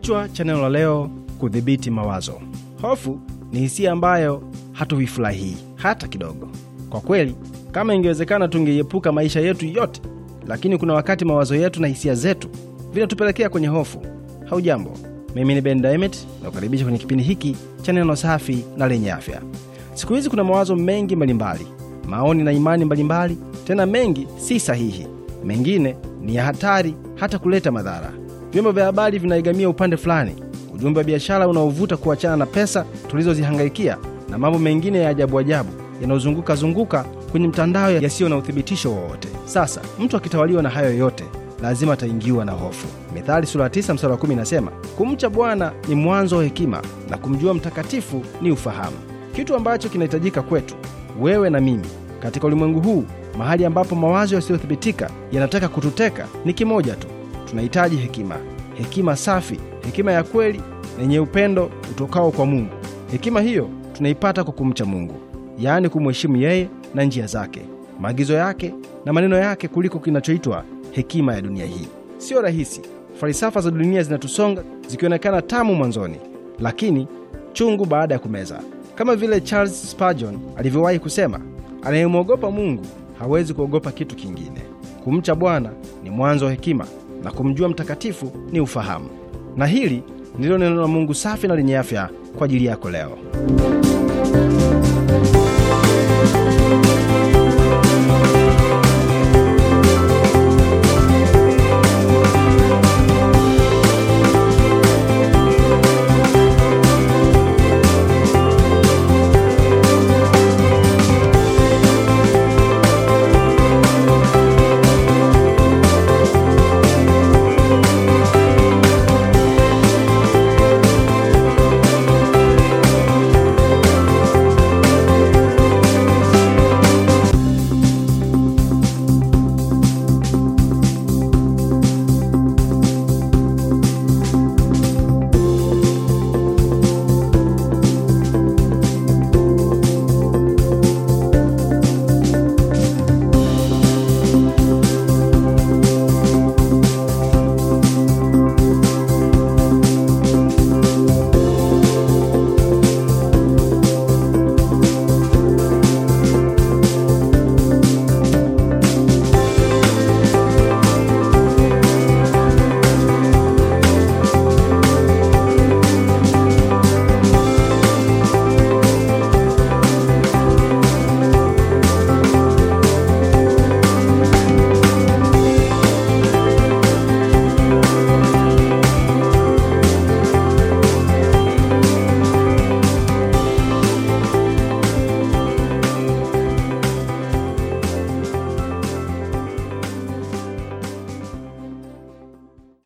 Kichwa cha neno la leo: kudhibiti mawazo. Hofu ni hisia ambayo hatuifurahii hata kidogo. Kwa kweli, kama ingewezekana, tungeiepuka maisha yetu yote, lakini kuna wakati mawazo yetu na hisia zetu vinatupelekea kwenye hofu. Haujambo, mimi ni Ben Dimet na kukaribisha kwenye kipindi hiki cha neno safi na lenye afya. Siku hizi kuna mawazo mengi mbalimbali, maoni na imani mbalimbali, tena mengi si sahihi, mengine ni ya hatari, hata kuleta madhara. Vyombo vya habari vinaigamia upande fulani, ujumbe wa biashara unaovuta kuachana na pesa tulizozihangaikia na mambo mengine ya ajabu ajabu yanayozunguka zunguka kwenye mtandao yasiyo na uthibitisho wowote. Sasa mtu akitawaliwa na hayo yote lazima ataingiwa na hofu. Mithali sura 9 mstari wa 10 inasema, kumcha Bwana ni mwanzo wa hekima na kumjua mtakatifu ni ufahamu. Kitu ambacho kinahitajika kwetu wewe na mimi katika ulimwengu huu, mahali ambapo mawazo yasiyothibitika yanataka kututeka, ni kimoja tu, tunahitaji hekima, hekima safi, hekima ya kweli yenye upendo utokao kwa Mungu. Hekima hiyo tunaipata kwa kumcha Mungu, yaani kumheshimu yeye na njia zake, maagizo yake na maneno yake, kuliko kinachoitwa hekima ya dunia hii. Siyo rahisi. Falsafa za dunia zinatusonga zikionekana tamu mwanzoni, lakini chungu baada ya kumeza. Kama vile Charles Spurgeon alivyowahi kusema, anayemwogopa Mungu hawezi kuogopa kitu kingine. Kumcha Bwana ni mwanzo wa hekima na kumjua mtakatifu ni ufahamu. Na hili ndilo neno la Mungu safi na lenye afya kwa ajili yako leo.